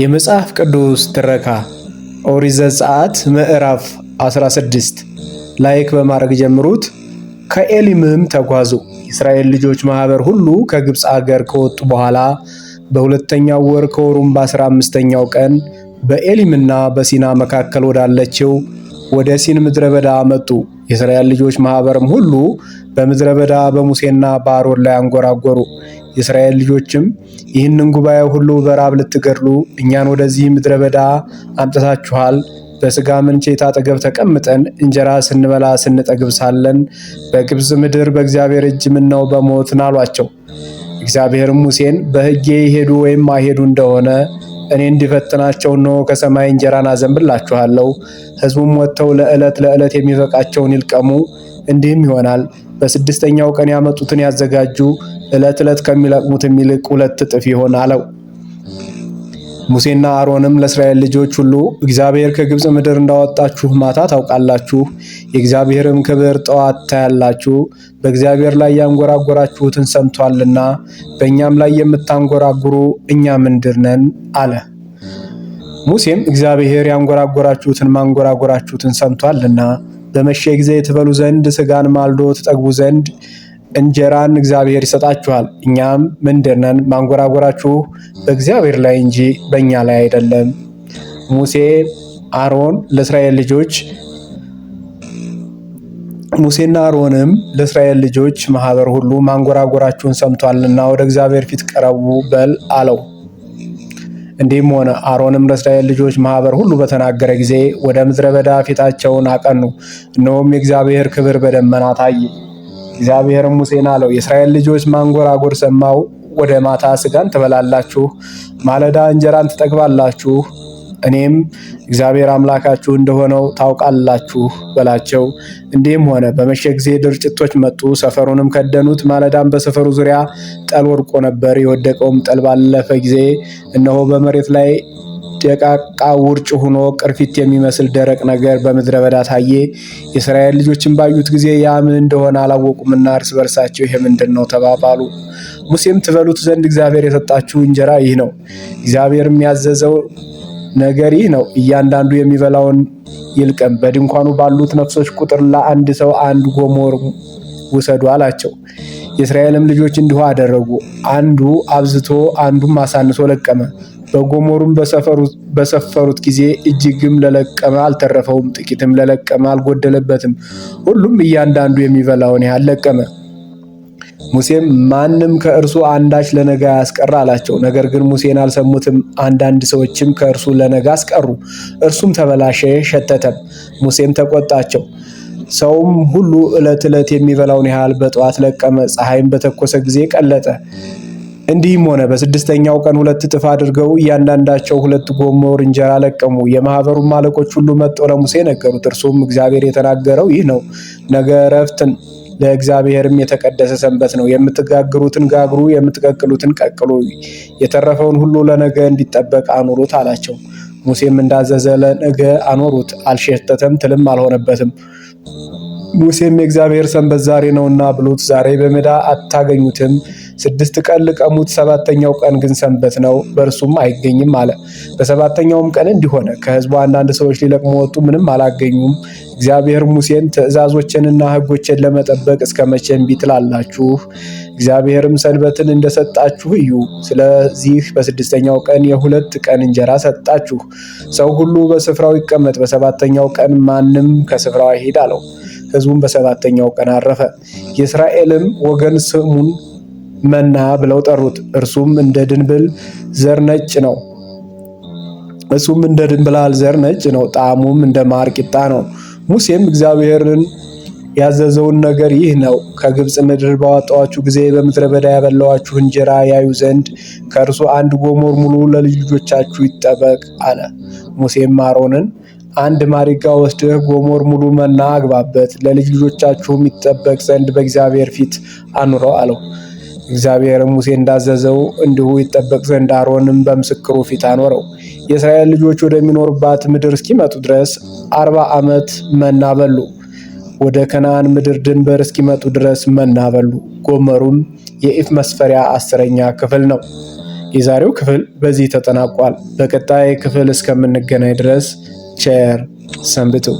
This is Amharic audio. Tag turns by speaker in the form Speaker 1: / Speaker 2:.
Speaker 1: የመጽሐፍ ቅዱስ ትረካ ኦሪት ዘጸአት ምዕራፍ 16 ላይክ በማድረግ ጀምሩት። ከኤሊምም ተጓዙ። የእስራኤል ልጆች ማኅበር ሁሉ ከግብፅ አገር ከወጡ በኋላ በሁለተኛው ወር ከወሩም በአስራ አምስተኛው ቀን በኤሊምና በሲና መካከል ወዳለችው ወደ ሲን ምድረ በዳ መጡ። የእስራኤል ልጆች ማኅበርም ሁሉ በምድረ በዳ በሙሴና በአሮን ላይ አንጎራጎሩ። የእስራኤል ልጆችም ይህንን ጉባኤ ሁሉ በራብ ልትገድሉ እኛን ወደዚህ ምድረ በዳ አምጥታችኋል። በስጋ ምንቸት አጠገብ ተቀምጠን እንጀራ ስንበላ ስንጠግብ ሳለን በግብፅ ምድር በእግዚአብሔር እጅ ምነው በሞትን አሏቸው። እግዚአብሔርም ሙሴን በሕጌ ይሄዱ ወይም አይሄዱ እንደሆነ እኔ እንዲፈትናቸው እነሆ ከሰማይ እንጀራን አዘንብላችኋለሁ፣ ሕዝቡም ወጥተው ለዕለት ለዕለት የሚበቃቸውን ይልቀሙ እንዲህም ይሆናል በስድስተኛው ቀን ያመጡትን ያዘጋጁ ዕለት ዕለት ከሚለቅሙት የሚልቅ ሁለት እጥፍ ይሆን አለው። ሙሴና አሮንም ለእስራኤል ልጆች ሁሉ እግዚአብሔር ከግብፅ ምድር እንዳወጣችሁ ማታ ታውቃላችሁ፣ የእግዚአብሔርም ክብር ጠዋት ታያላችሁ። በእግዚአብሔር ላይ ያንጎራጎራችሁትን ሰምቷልና በእኛም ላይ የምታንጎራጉሩ እኛ ምንድር ነን አለ። ሙሴም እግዚአብሔር ያንጎራጎራችሁትን ማንጎራጎራችሁትን ሰምቷልና በመሸ ጊዜ ትበሉ ዘንድ ስጋን ማልዶ ትጠግቡ ዘንድ እንጀራን እግዚአብሔር ይሰጣችኋል። እኛም ምንድነን ማንጎራጎራችሁ በእግዚአብሔር ላይ እንጂ በእኛ ላይ አይደለም። ሙሴ አሮን ለእስራኤል ልጆች ሙሴና አሮንም ለእስራኤል ልጆች ማህበር ሁሉ ማንጎራጎራችሁን ሰምቷልና ወደ እግዚአብሔር ፊት ቀረቡ በል አለው። እንዲህም ሆነ፣ አሮንም ለእስራኤል ልጆች ማህበር ሁሉ በተናገረ ጊዜ ወደ ምድረ በዳ ፊታቸውን አቀኑ። እነሆም የእግዚአብሔር ክብር በደመና ታየ። እግዚአብሔርም ሙሴን አለው፣ የእስራኤል ልጆች ማንጎራጎር ሰማው ወደ ማታ ስጋን ትበላላችሁ፣ ማለዳ እንጀራን ትጠግባላችሁ እኔም እግዚአብሔር አምላካችሁ እንደሆነው ታውቃላችሁ በላቸው። እንዲህም ሆነ። በመሸ ጊዜ ድርጭቶች መጡ፣ ሰፈሩንም ከደኑት። ማለዳም በሰፈሩ ዙሪያ ጠል ወድቆ ነበር። የወደቀውም ጠል ባለፈ ጊዜ እነሆ በመሬት ላይ ደቃቃ ውርጭ ሆኖ ቅርፊት የሚመስል ደረቅ ነገር በምድረ በዳ ታየ። የእስራኤል ልጆችን ባዩት ጊዜ ያ ምን እንደሆነ አላወቁምና እርስ በርሳቸው ይሄ ምንድን ነው ተባባሉ። ሙሴም ትበሉት ዘንድ እግዚአብሔር የሰጣችሁ እንጀራ ይህ ነው፣ እግዚአብሔርም ያዘዘው ነገር ይህ ነው፣ እያንዳንዱ የሚበላውን ይልቀም፣ በድንኳኑ ባሉት ነፍሶች ቁጥር ለአንድ ሰው አንድ ጎሞር ውሰዱ አላቸው። የእስራኤልም ልጆች እንዲሁ አደረጉ። አንዱ አብዝቶ አንዱም አሳንሶ ለቀመ። በጎሞሩም በሰፈሩት ጊዜ እጅግም ለለቀመ አልተረፈውም፣ ጥቂትም ለለቀመ አልጎደለበትም። ሁሉም እያንዳንዱ የሚበላውን ያህል ለቀመ። ሙሴም ማንም ከእርሱ አንዳች ለነገ አያስቀር አላቸው። ነገር ግን ሙሴን አልሰሙትም። አንዳንድ ሰዎችም ከእርሱ ለነገ አስቀሩ። እርሱም ተበላሸ፣ ሸተተም። ሙሴም ተቆጣቸው። ሰውም ሁሉ ዕለት ዕለት የሚበላውን ያህል በጠዋት ለቀመ። ፀሐይም በተኮሰ ጊዜ ቀለጠ። እንዲህም ሆነ በስድስተኛው ቀን ሁለት እጥፍ አድርገው እያንዳንዳቸው ሁለት ጎሞር እንጀራ ለቀሙ። የማህበሩ አለቆች ሁሉ መጥተው ለሙሴ ነገሩት። እርሱም እግዚአብሔር የተናገረው ይህ ነው፣ ነገ እረፍትን ለእግዚአብሔርም የተቀደሰ ሰንበት ነው። የምትጋግሩትን ጋግሩ፣ የምትቀቅሉትን ቀቅሉ፣ የተረፈውን ሁሉ ለነገ እንዲጠበቅ አኑሩት አላቸው። ሙሴም እንዳዘዘ ለነገ አኖሩት። አልሸተተም፣ ትልም አልሆነበትም። ሙሴም የእግዚአብሔር ሰንበት ዛሬ ነውና ብሉት፣ ዛሬ በሜዳ አታገኙትም ስድስት ቀን ልቀሙት፣ ሰባተኛው ቀን ግን ሰንበት ነው፣ በእርሱም አይገኝም አለ። በሰባተኛውም ቀን እንዲሆነ ከህዝቡ አንዳንድ ሰዎች ሊለቅሙ ወጡ፣ ምንም አላገኙም። እግዚአብሔር ሙሴን ትእዛዞችንና ህጎችን ለመጠበቅ እስከ መቼ እምቢ ትላላችሁ? እግዚአብሔርም ሰንበትን እንደሰጣችሁ እዩ። ስለዚህ በስድስተኛው ቀን የሁለት ቀን እንጀራ ሰጣችሁ፣ ሰው ሁሉ በስፍራው ይቀመጥ፣ በሰባተኛው ቀን ማንም ከስፍራው አይሄድ አለው። ህዝቡም በሰባተኛው ቀን አረፈ። የእስራኤልም ወገን ስሙን መና ብለው ጠሩት። እርሱም እንደ ድንብል ዘር ነጭ ነው። እሱም እንደ ድንብላል ዘር ነጭ ነው። ጣዕሙም እንደ ማር ቂጣ ነው። ሙሴም እግዚአብሔርን ያዘዘውን ነገር ይህ ነው። ከግብፅ ምድር ባወጣኋችሁ ጊዜ በምድረ በዳ ያበላኋችሁ እንጀራ ያዩ ዘንድ ከእርሱ አንድ ጎሞር ሙሉ ለልጅ ልጆቻችሁ ይጠበቅ አለ። ሙሴም አሮንን አንድ ማሪጋ ወስደህ ጎሞር ሙሉ መና አግባበት፣ ለልጅ ልጆቻችሁም ይጠበቅ ዘንድ በእግዚአብሔር ፊት አኑረው አለው። እግዚአብሔር ሙሴ እንዳዘዘው እንዲሁ ይጠበቅ ዘንድ አሮንም በምስክሩ ፊት አኖረው። የእስራኤል ልጆች ወደሚኖርባት ምድር እስኪመጡ ድረስ አርባ ዓመት መና በሉ። ወደ ከነዓን ምድር ድንበር እስኪመጡ ድረስ መና በሉ። ጎመሩም የኢፍ መስፈሪያ አስረኛ ክፍል ነው። የዛሬው ክፍል በዚህ ተጠናቋል። በቀጣይ ክፍል እስከምንገናኝ ድረስ ቸር ሰንብቱ።